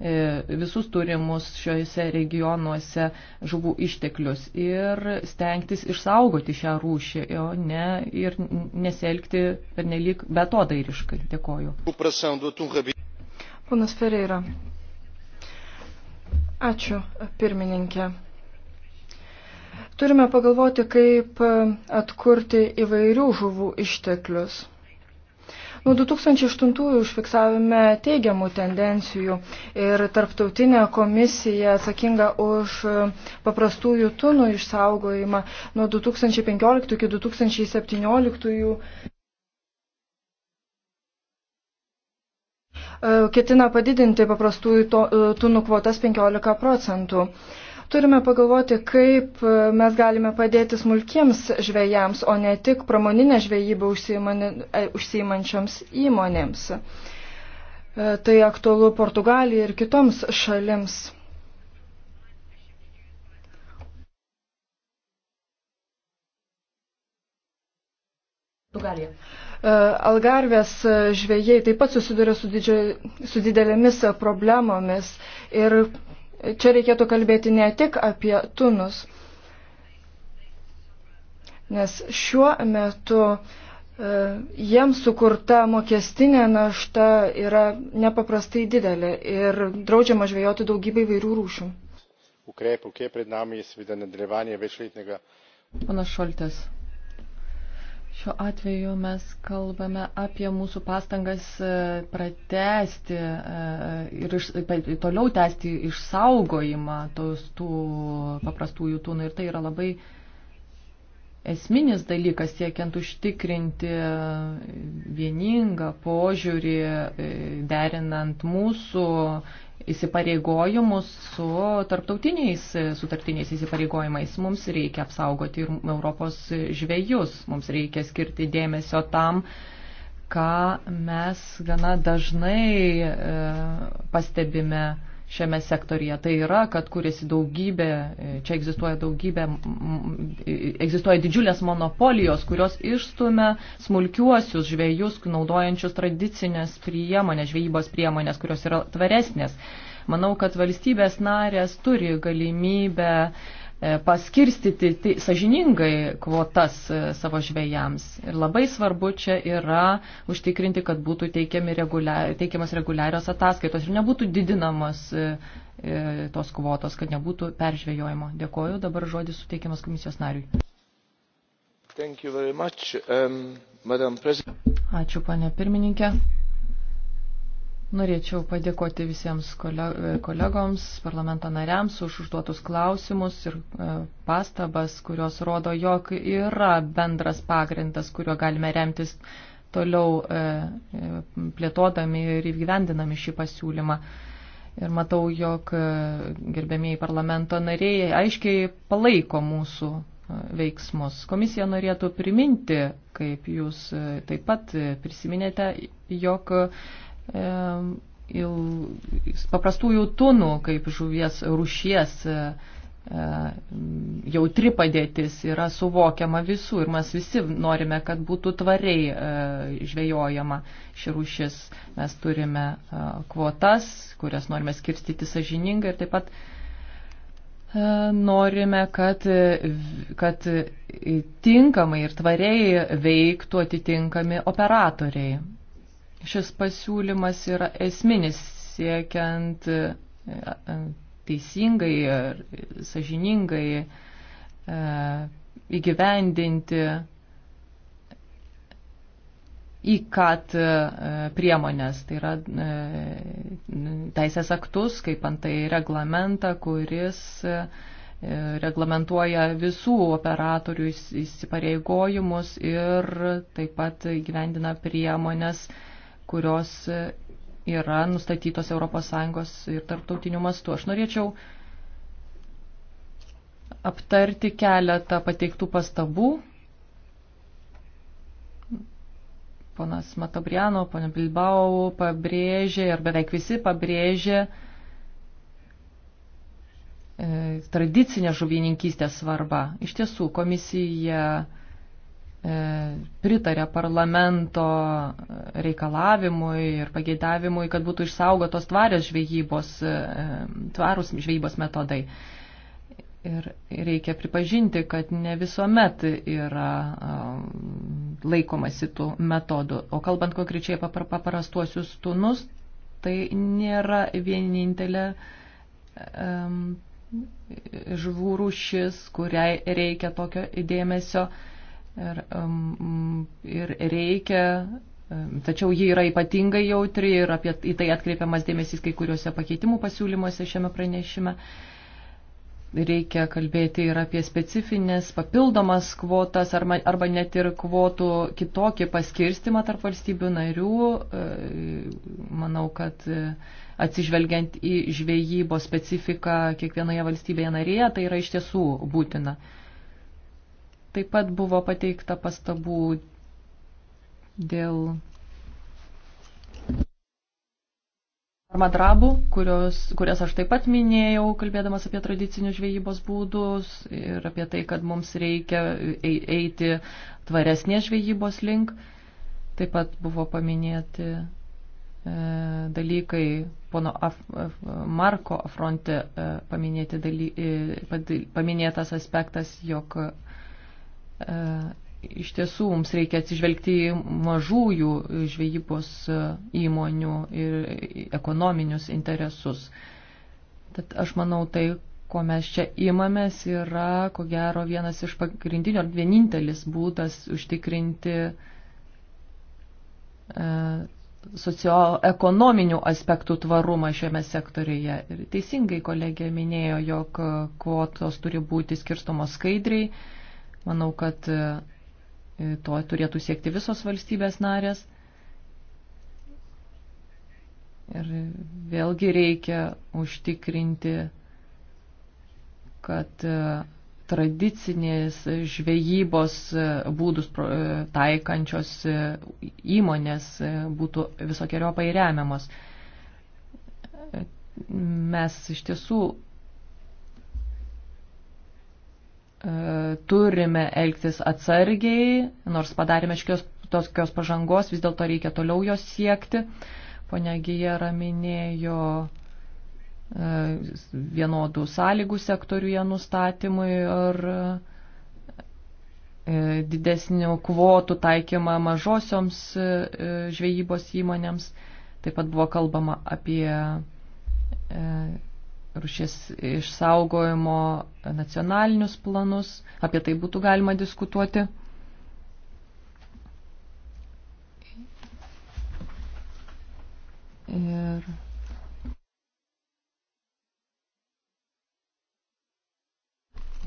e, visus turimus šiuose regionuose žuvų išteklius ir stengtis išsaugoti šią rūšį, o ne ir neselgti pernelyg betodairiškai. Dėkoju. Ponas Ferreira, Ačiū, pirmininkė. Turime pagalvoti, kaip atkurti įvairių žuvų išteklius. Nuo 2008-ųjų užfiksavime teigiamų tendencijų ir tarptautinė komisija atsakinga už paprastųjų tunų išsaugojimą nuo 2015 iki 2017 E, ketina padidinti paprastųjų e, tunų kvotas 15 procentų. Turime pagalvoti, kaip e, mes galime padėti smulkiems žvėjams, o ne tik pramoninę žvejybą užsiimančioms įmonėms. Tai aktualu Portugalijai ir kitoms šalims. Portugalija. E, Algarvės e, žvėjai taip pat susiduria su, didžio, su didelėmis e, problemomis ir čia reikėtų kalbėti ne tik apie tunus, nes šiuo metu jiems sukurta mokestinė našta yra nepaprastai didelė ir draudžiama žvejoti daugybę įvairių rūšių. Ukrepų, kiek pred nami je seveda nadaljevanje večletnega. Ponas Šoltas. Šiuo atveju mes kalbame apie mūsų pastangas e, pratesti e, ir iš, toliau tęsti išsaugojimą tos, tų paprastųjų tūnų. Ir tai yra labai esminis dalykas siekiant užtikrinti vieningą požiūrį, e, derinant mūsų įsipareigojimus su tarptautiniais e, sutartiniais įsipareigojimais. Mums reikia apsaugoti ir Europos žvėjus, mums reikia skirti dėmesio tam, ką mes gana dažnai e, pastebime šiame sektorija. Tai yra, kad kuriasi daugybė, e, čia egzistuoja daugybė, e, egzistuoja didžiulės monopolijos, kurios išstumia smulkiuosius žvėjus, naudojančius tradicinės priemonės, žvejybos priemonės, kurios yra tvaresnės. Manau, kad valstybės narės turi galimybę E, paskirstyti tai, sažiningai kvotas e, savo žvėjams. Ir labai svarbu čia yra užtikrinti, kad būtų regulia, teikiamas reguliarios ataskaitos ir nebūtų didinamos e, tos kvotos, kad nebūtų peržvėjojimo. Dėkoju, dabar žodis suteikiamas komisijos nariui. Um, Ačiū, panė pirmininkė. Norėčiau padėkoti visiems kolegoms, parlamento nariams už užduotus klausimus ir e, pastabas, kurios rodo, jog yra bendras pagrindas, kuriuo galime remtis toliau e, e, plėtodami ir įgyvendinami šį pasiūlymą. Ir matau, jog gerbėmiai parlamento nariai aiškiai palaiko mūsų veiksmus. Komisija norėtų priminti, kaip jūs taip pat prisiminėte, jog paprastųjų tunų, kaip žuvies rušies e, e, jautri padėtis yra suvokiama visų ir mes visi norime, kad būtų tvariai e, žvejojama ši rūšis. Mes turime kvotas, kurias norime skirstyti sažiningai ir taip pat norime, kad, kad tinkamai ir tvariai veiktų atitinkami operatoriai. Šis pasiūlymas yra esminis siekiant e, e, teisingai ir sažiningai e, įgyvendinti įkat priemonės, tai yra teisės aktus, kaip antai reglamentą, kuris reglamentuoja visų operatorių įsipareigojimus ir taip pat įgyvendina priemonės kurios yra nustatytos ES ir tarptautinių mastų. Aš norėčiau aptarti keletą pateiktų pastabų. Ponas Matabriano, ponė Bilbao pabrėžė, ar beveik visi pabrėžė e, tradicinę žuvininkystės svarbą. Iš tiesų, komisija e, E, pritarė parlamento reikalavimui ir pageidavimui, kad būtų išsaugotos tvarios žvejybos, e, tvarus žvejybos metodai. Ir reikia pripažinti, kad ne visuomet yra e, laikomasi tų metodų. O kalbant konkrečiai apie paprastuosius tunus, tai nėra vienintelė žuvų rūšis, kuriai reikia tokio dėmesio ir, ir reikia, tačiau ji yra ypatingai jautri ir apie, į tai atkreipiamas dėmesys kai kuriuose pakeitimų pasiūlymuose šiame pranešime. Reikia kalbėti ir apie specifines papildomas kvotas arba, arba net ir kvotų kitokį paskirstimą tarp valstybių narių. E, manau, kad e, atsižvelgiant į žvejybo specifiką kiekvienoje valstybėje narėje, tai yra iš tiesų būtina. Taip pat buvo pateikta pastabų dėl armadrabų, kurios, kurias aš taip pat minėjau, kalbėdamas apie tradicinius žvejybos būdus ir apie tai, kad mums reikia eiti tvaresnės žvejybos link. Taip pat buvo paminėti e, dalykai, pono Af, Af, Marko fronte e, paminėti daly, e, paminėtas aspektas, jog e, E, iš tiesų mums reikia atsižvelgti į mažųjų žvejybos e, įmonių ir ekonominius interesus. Tad aš manau, tai, ko mes čia imamės, yra, ko gero, vienas iš pagrindinių ar vienintelis būdas užtikrinti e, socioekonominių aspektų tvarumą šiame sektoriuje. Ir teisingai kolegė minėjo, jog kvotos turi būti skirstomos skaidriai Manau, kad e, e, to turėtų siekti visos valstybės narės. Ir vėlgi reikia užtikrinti, kad e, tradicinės žvejybos būdus taikančios įmonės būtų visokiojo pairemiamos. Mes iš tiesų E, turime elgtis atsargiai, nors padarėme škios, tokios pažangos, vis dėlto reikia toliau jos siekti. Pone Gijera minėjo e, vienodų sąlygų sektoriuje nustatymui ir e, didesnių kvotų taikymą mažosioms žvejybos įmonėms. Taip pat buvo kalbama apie rušies išsaugojimo nacionalinius planus. Apie tai būtų galima diskutuoti. Ir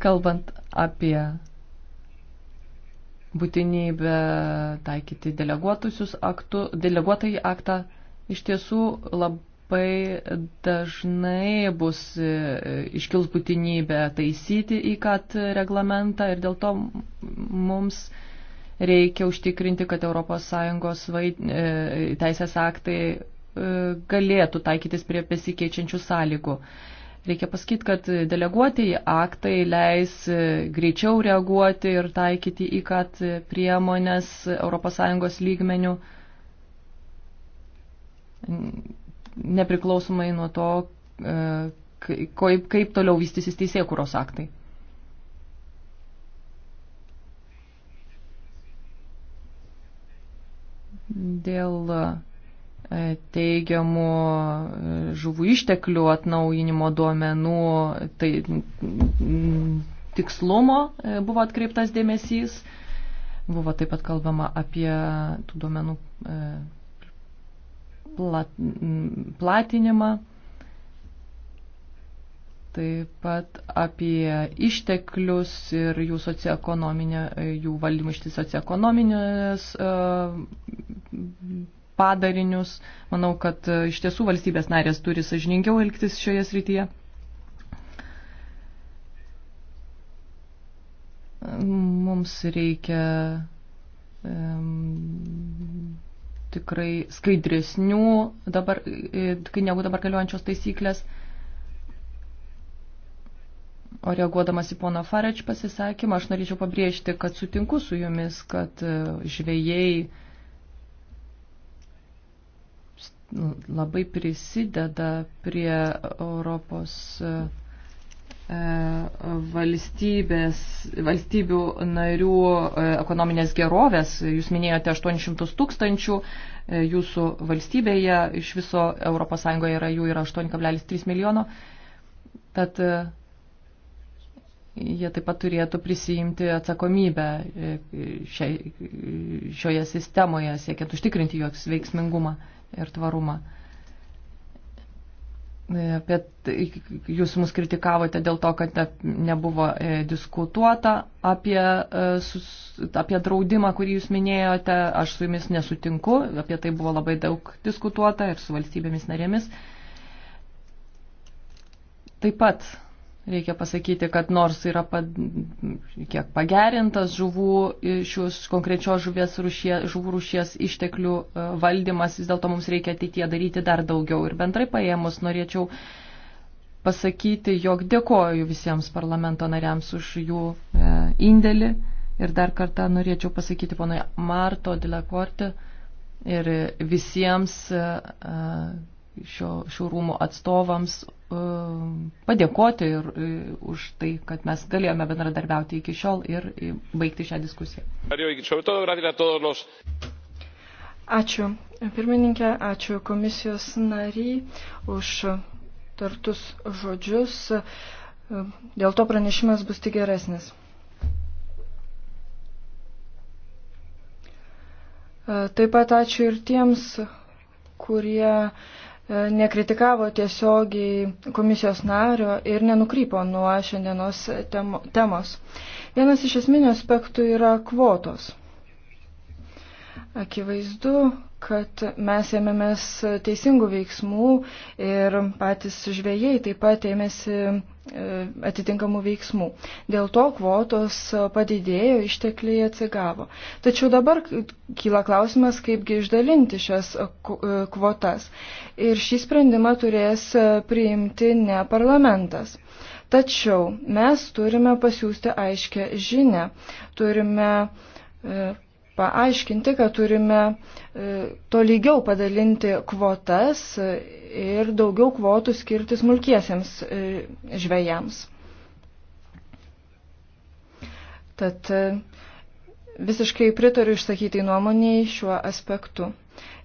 kalbant apie būtinybę taikyti deleguotusius aktų, deleguotąjį aktą, iš tiesų labai labai dažnai bus e, iškils būtinybė taisyti į kad reglamentą ir dėl to mums reikia užtikrinti, kad ES vaid... E, teisės aktai e, galėtų taikytis prie besikeičiančių sąlygų. Reikia pasakyti, kad deleguotieji aktai leis greičiau reaguoti ir taikyti į kad priemonės ES lygmenių nepriklausomai nuo to, e, kaip, kaip toliau vystysis teisėkūros aktai. Dėl e, teigiamų e, žuvų išteklių atnaujinimo duomenų tai, tikslumo buvo atkreiptas dėmesys. Buvo taip pat kalbama apie tų duomenų plat, platinimą, taip pat apie išteklius ir jų, jų valdymų iš socioekonominės e, padarinius. Manau, kad e, iš tiesų valstybės narės turi sažininkiau elgtis šioje srityje. Mums reikia um, tikrai skaidresnių dabar, e, kai negu dabar galiojančios taisyklės. O reaguodamas į pono Farage pasisakymą, aš norėčiau pabrėžti, kad sutinku su jumis, kad e, žvėjai labai prisideda prie Europos e, E, valstybės, valstybių narių e, ekonominės gerovės. Jūs minėjote 800 tūkstančių, e, jūsų valstybėje iš viso ES yra jų yra 8,3 milijono. Tad jie taip pat turėtų prisijimti atsakomybę šioje sistemoje, siekiant užtikrinti jos veiksmingumą ir tvarumą bet tai, jūs mus kritikavote dėl to, kad nebuvo e, diskutuota apie, e, apie draudimą, kurį jūs minėjote. Aš su jumis nesutinku, apie tai buvo labai daug diskutuota ir su valstybėmis narėmis. Taip pat Reikia pasakyti, kad nors yra pad, kiek pagerintas žuvų, šios konkrečios žuvies rušie, žuvų rušies išteklių e, valdymas, vis dėlto mums reikia ateitie daryti dar daugiau. Ir bendrai paėmus norėčiau pasakyti, jog dėkoju visiems parlamento nariams už jų e, indėlį. Ir dar kartą norėčiau pasakyti ponai Marto Dilakorti ir visiems e, šio, šių rūmų atstovams padėkoti ir e, už tai, kad mes galėjome bendradarbiauti iki šiol ir e, baigti šią diskusiją. Ačiū pirmininkė, ačiū komisijos nariai už tartus žodžius. Dėl to pranešimas bus tik geresnis. Taip pat ačiū ir tiems, kurie E, nekritikavo tiesiogiai komisijos nario ir nenukrypo nuo šiandienos temos. Vienas iš esminių aspektų yra kvotos. Akivaizdu, kad mes ėmėmės teisingų veiksmų ir patys žvėjai taip pat ėmėsi E, atitinkamų veiksmų. Dėl to kvotos padidėjo, ištekliai atsigavo. Tačiau dabar kyla klausimas, kaipgi išdalinti šias e, kvotas. Ir šį sprendimą turės priimti ne parlamentas. Tačiau mes turime pasiūsti aiškę žinę, turime e, paaiškinti, kad turime e, tolygiau padalinti kvotas ir daugiau kvotų skirti smulkiesiems e, žvėjams. Tad e, visiškai pritariu išsakytai nuomoniai šiuo aspektu.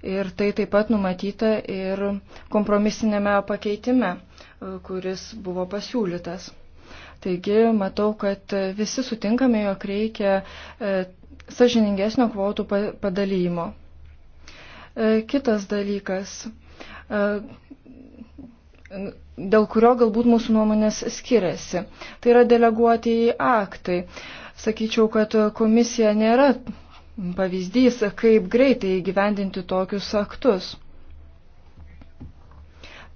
Ir tai taip pat numatyta ir kompromisinėme pakeitime, kuris buvo pasiūlytas. Taigi matau, kad visi sutinkame, jog reikia sažiningesnio kvotų padalymo. E, kitas dalykas, e, dėl kurio galbūt mūsų nuomonės skiriasi, tai yra deleguoti į aktai. Sakyčiau, kad komisija nėra pavyzdys, kaip greitai įgyvendinti tokius aktus.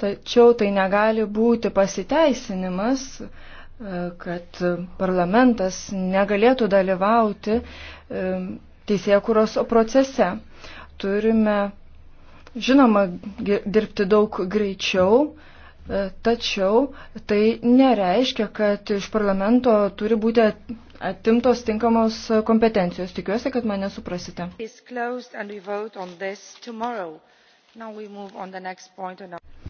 Tačiau tai negali būti pasiteisinimas, uh, kad parlamentas negalėtų dalyvauti teisėkuros procese. Turime, žinoma, dirbti daug greičiau, e, tačiau tai nereiškia, kad iš parlamento turi būti atimtos tinkamos kompetencijos. Tikiuosi, kad mane suprasite.